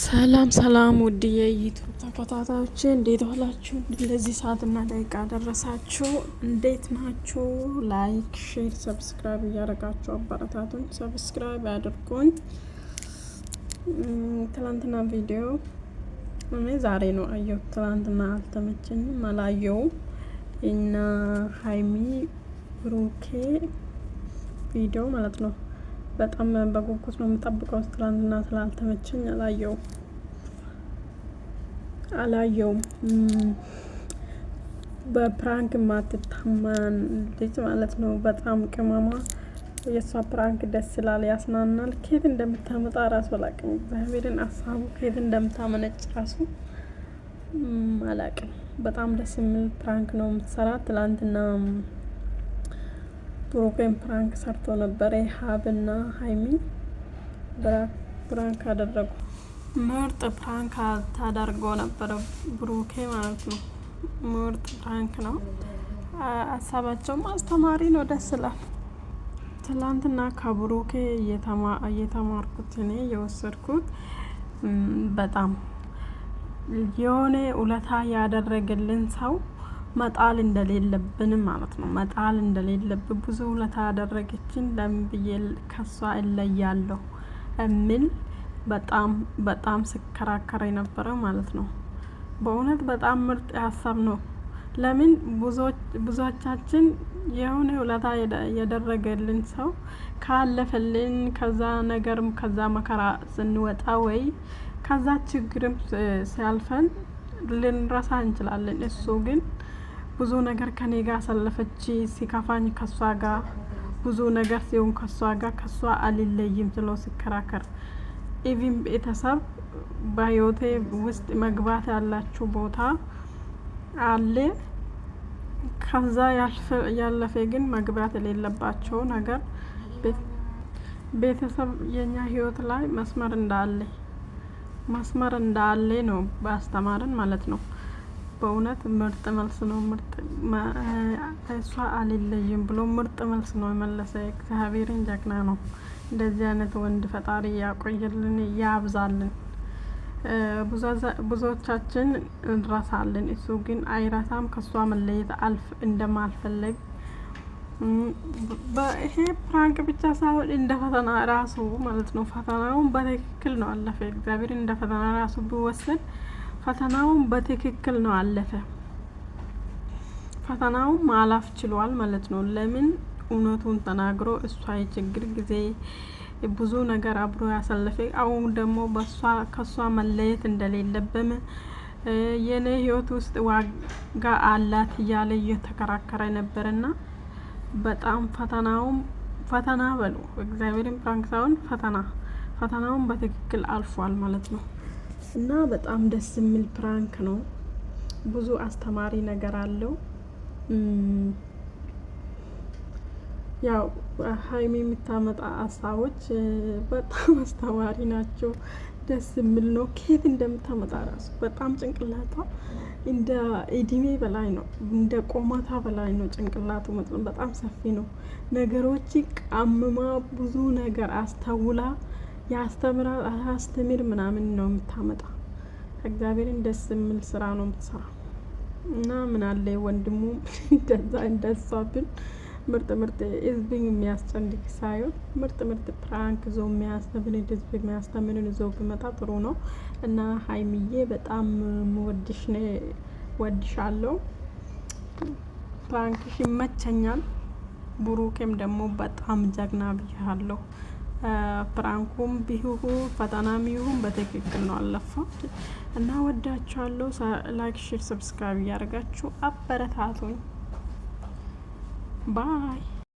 ሰላም ሰላም ውድ የዩቱብ ተከታታዮች እንዴት ዋላችሁ? ለዚህ እና ደቂቃ ደረሳችሁ እንዴት ናችሁ? ላይክ፣ ሼር፣ ሰብስክራይብ እያደረጋችሁ አበረታቱን። ሰብስክራይብ አድርጉኝ። ትላንትና ቪዲዮ እኔ ዛሬ ነው አየሁት። ትላንትና አልተመቸኝም አላየውም እና ሀይሚ ብሩኬ ቪዲዮ ማለት ነው በጣም በጉጉት ነው የምጠብቀው። ትላንትና ስላልተመቸኝ አላየው አላየውም። በፕራንክ ማትታማን ልጅ ማለት ነው። በጣም ቅመማ የእሷ ፕራንክ ደስ ይላል፣ ያስናናል። ከየት እንደምታመጣ ራሱ አላቅም። እግዚአብሔርን አሳቡ ከየት እንደምታመነጭ ራሱ አላቅም። በጣም ደስ የሚል ፕራንክ ነው የምትሰራ ትላንትና ፕሮግራም ፕራንክ ሰርቶ ነበረ። ሀብና ሀይሚ ፕራንክ አደረጉ። ምርጥ ፕራንክ ታደርጎ ነበረ ብሩኬ ማለት ነው። ምርጥ ፕራንክ ነው። ሀሳባቸውም አስተማሪ ነው። ደስ ይላል። ትላንትና ከብሩኬ እየተማርኩት እኔ የወሰድኩት በጣም የሆነ ውለታ ያደረገልን ሰው መጣል እንደሌለብን ማለት ነው። መጣል እንደሌለብን ብዙ ውለታ ያደረገችን ለምን ብዬ ከሷ እለያለሁ የሚል በጣም በጣም ስከራከር የነበረ ማለት ነው። በእውነት በጣም ምርጥ ሀሳብ ነው። ለምን ብዙዎቻችን የሆነ ውለታ የደረገልን ሰው ካለፈልን ከዛ ነገርም ከዛ መከራ ስንወጣ ወይ ከዛ ችግርም ሲያልፈን ልንረሳ እንችላለን። እሱ ግን ብዙ ነገር ከኔ ጋር አሳለፈች። ሲከፋኝ ከሷ ጋር ብዙ ነገር ሲሆን ከሷ ጋር ከሷ አልለይም ስሎ ሲከራከር ኢቪን ቤተሰብ በህይወቴ ውስጥ መግባት ያላችሁ ቦታ አለ። ከዛ ያለፈ ግን መግባት የሌለባቸው ነገር ቤተሰብ የኛ ህይወት ላይ መስመር እንዳለ መስመር እንዳለ ነው ባስተማርን ማለት ነው። በእውነት ምርጥ መልስ ነው። ምርጥ እሷ አልለይም ብሎ ምርጥ መልስ ነው የመለሰ። እግዚአብሔርን ጀግና ነው። እንደዚህ አይነት ወንድ ፈጣሪ ያቆይልን፣ ያብዛልን። ብዙዎቻችን እንረሳለን፣ እሱ ግን አይረሳም። ከእሷ መለየት አልፍ እንደማልፈለግ ይሄ ፕራንክ ብቻ ሳይሆን እንደ ፈተና ራሱ ማለት ነው። ፈተናውን በትክክል ነው አለፈ። እግዚአብሔር እንደ ፈተና ራሱ ቢወሰድ ፈተናውን በትክክል ነው አለፈ። ፈተናውን ማላፍ ችሏል ማለት ነው። ለምን እውነቱን ተናግሮ እሷ የችግር ጊዜ ብዙ ነገር አብሮ ያሳለፈ አሁን ደግሞ በሷ ከሷ መለየት እንደሌለበም የኔ ህይወት ውስጥ ዋጋ አላት እያለ እየተከራከረ ነበርና በጣም ፈተናውም ፈተና በሉ እግዚአብሔርን ፕራንክ ሳይሆን ፈተና ፈተናውን በትክክል አልፏል ማለት ነው። እና በጣም ደስ የሚል ፕራንክ ነው። ብዙ አስተማሪ ነገር አለው። ያው ሀይሚ የምታመጣ ሀሳቦች በጣም አስተማሪ ናቸው። ደስ የሚል ነው። ከየት እንደምታመጣ ራሱ በጣም ጭንቅላቷ እንደ እድሜ በላይ ነው፣ እንደ ቆማታ በላይ ነው። ጭንቅላቱ በጣም ሰፊ ነው። ነገሮች ቀምማ ብዙ ነገር አስተውላ የአስተምራ አስተምር ምናምን ነው የምታመጣ። እግዚአብሔርን ደስ የሚል ስራ ነው የምትሰራ እና ምን አለ ወንድሙ እንደዛ እንዳሳብን ምርጥ ምርጥ ህዝብን የሚያስጨንቅ ሳይሆን ምርጥ ምርጥ ፕራንክ ዞ የሚያስተምን ህዝብ የሚያስተምንን ዞ ብመጣ ጥሩ ነው እና ሀይሚዬ በጣም ወድሽ ወድሻለሁ። ፕራንክሽ ይመቸኛል። ቡሩኬም ደግሞ በጣም ጀግና ብያለሁ። ፕራንኩም ቢሁሁ ፈተናም ይሁን በትክክል ነው አለፋት እና ወዳችኋለሁ። ላይክ፣ ሼር፣ ሰብስክራይብ እያደረጋችሁ አበረታቱኝ ባይ